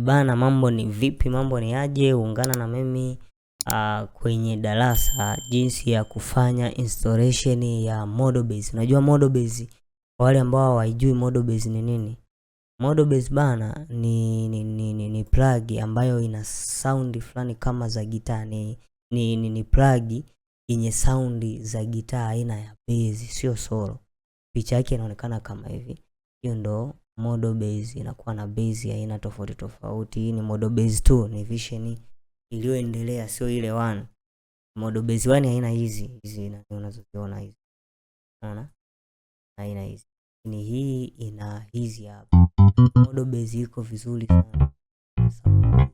Bana, mambo ni vipi? Mambo ni aje? Ungana na mimi uh, kwenye darasa jinsi ya kufanya installation ya Modbase. Unajua Modbase, kwa wale ambao hawajui Modbase ni nini, Modbase bana ni, ni, ni, ni, ni plug ambayo ina sound fulani kama za gitaa. Ni, ni, ni, ni plug yenye sound za gitaa aina ya bass, sio solo. Picha yake inaonekana kama hivi, hiyo ndo model base inakuwa na base ya aina tofauti tofauti. Hii ni model base 2, ni vision iliyoendelea, sio ile 1. Model base 1 haina hizi hizi unazoziona hizi, unaona haina hizi, ni hii ina hizi hapa. Model base iko vizuri sana.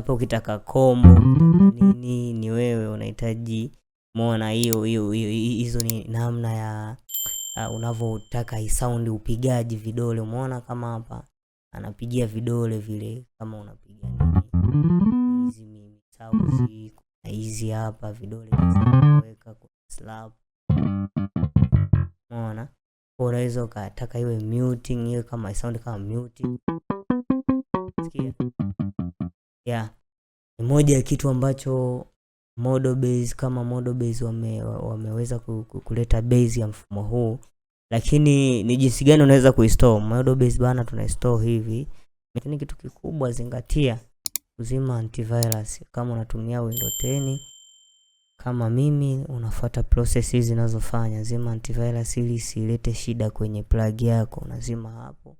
hapa ukitaka kombo nini, ni wewe unahitaji mona hiyo hiyo hizo ni namna ya uh, unavyotaka isaundi upigaji vidole. Umeona kama hapa anapigia vidole vile, kama unapiga hizi mimi na hizi hapa vidole kuweka kwa slap, umeona unaweza ukataka iwe muting, iwe kama sound kama muting, sikia yeah ni moja ya kitu ambacho Modo Base kama Modo Base wame, wameweza kuleta base ya mfumo huu, lakini ni jinsi gani unaweza kuistore Modo Base bana, tuna store hivi, lakini kitu kikubwa zingatia kuzima antivirus kama unatumia Windows 10 kama mimi unafuata process hizi zinazofanya, zima antivirus ili isilete shida kwenye plug yako, unazima hapo.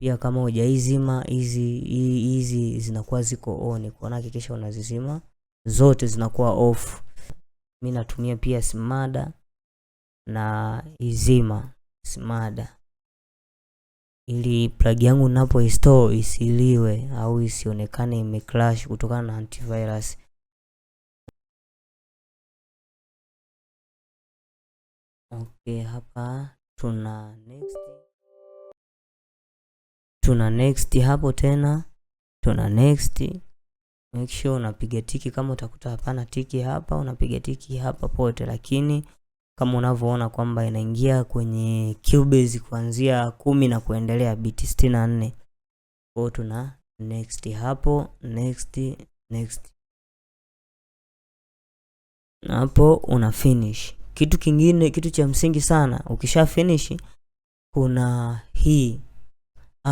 Pia kama hujaizima hizi hizi zinakuwa ziko on, kwa hakikisha unazizima zote, zinakuwa off. Mimi natumia pia smada na izima smada ili plug yangu napo install isiliwe au isionekane imecrash kutokana na antivirus. Okay, hapa tuna next tuna next hapo tena, tuna next. Make sure unapiga tiki kama utakuta hapana tiki hapa, unapiga tiki hapa pote, lakini kama unavyoona kwamba inaingia kwenye Cubase kuanzia kumi na kuendelea biti sitini na nne. Kwa hiyo tuna next hapo, next, next hapo una finish. Kitu kingine, kitu cha msingi sana, ukisha finish kuna hii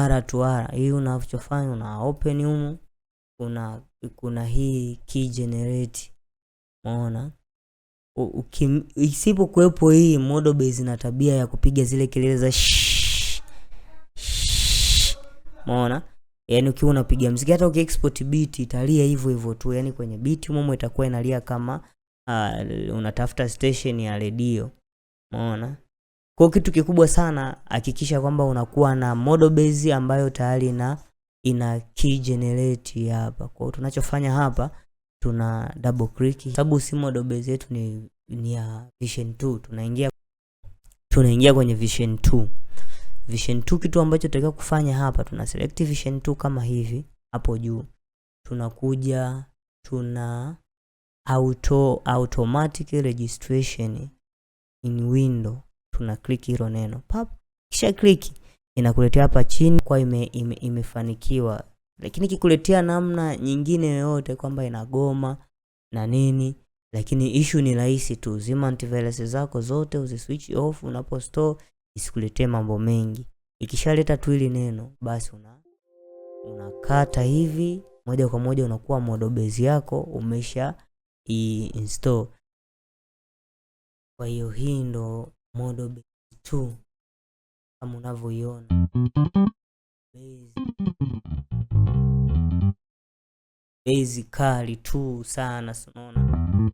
ara tu ara. Hii unachofanya una open humu, kuna kuna hii key generate, umeona isipokuwepo hii model base na tabia ya kupiga zile kelele za umeona yani, ukiwa unapiga mziki hata ukiexport beat italia hivyo hivyo tu, yani kwenye beat humo itakuwa inalia kama uh, unatafuta station ya redio maona kwa kitu kikubwa sana, hakikisha kwamba unakuwa na model base ambayo tayari ina ina key generate hapa. Kwa hiyo tunachofanya hapa tuna double click, sababu si model base yetu ni ni ya Vision 2. Tunaingia tunaingia kwenye Vision 2. Vision 2 kitu ambacho tunataka kufanya hapa, tuna select Vision 2 kama hivi hapo juu, tunakuja tuna auto automatic registration in window tuna click hilo neno pap, kisha click inakuletea hapa chini kwa ime, ime, imefanikiwa. Lakini ikikuletea namna nyingine yoyote kwamba inagoma na nini, lakini issue ni rahisi tu, zima antivirus zako zote uziswitch off store, isikuletee mambo mengi. Ikishaleta tu hili neno basi una unakata hivi moja kwa moja unakuwa modobase yako umesha i install. Kwa hiyo hii ndo model base 2 kama unavyoiona base base kali tu sana, unaona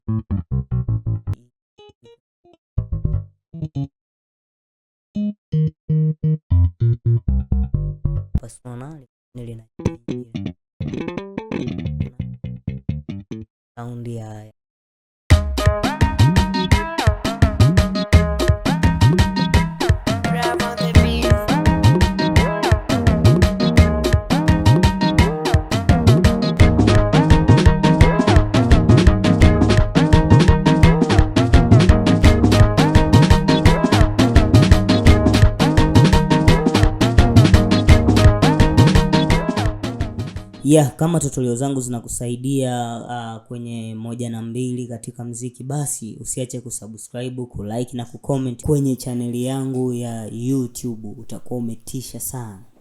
personal lina saundi yeah, kama tutorial zangu zinakusaidia uh, kwenye moja na mbili katika mziki, basi usiache kusubscribe, kulike na kucomment kwenye chaneli yangu ya YouTube, utakuwa umetisha sana.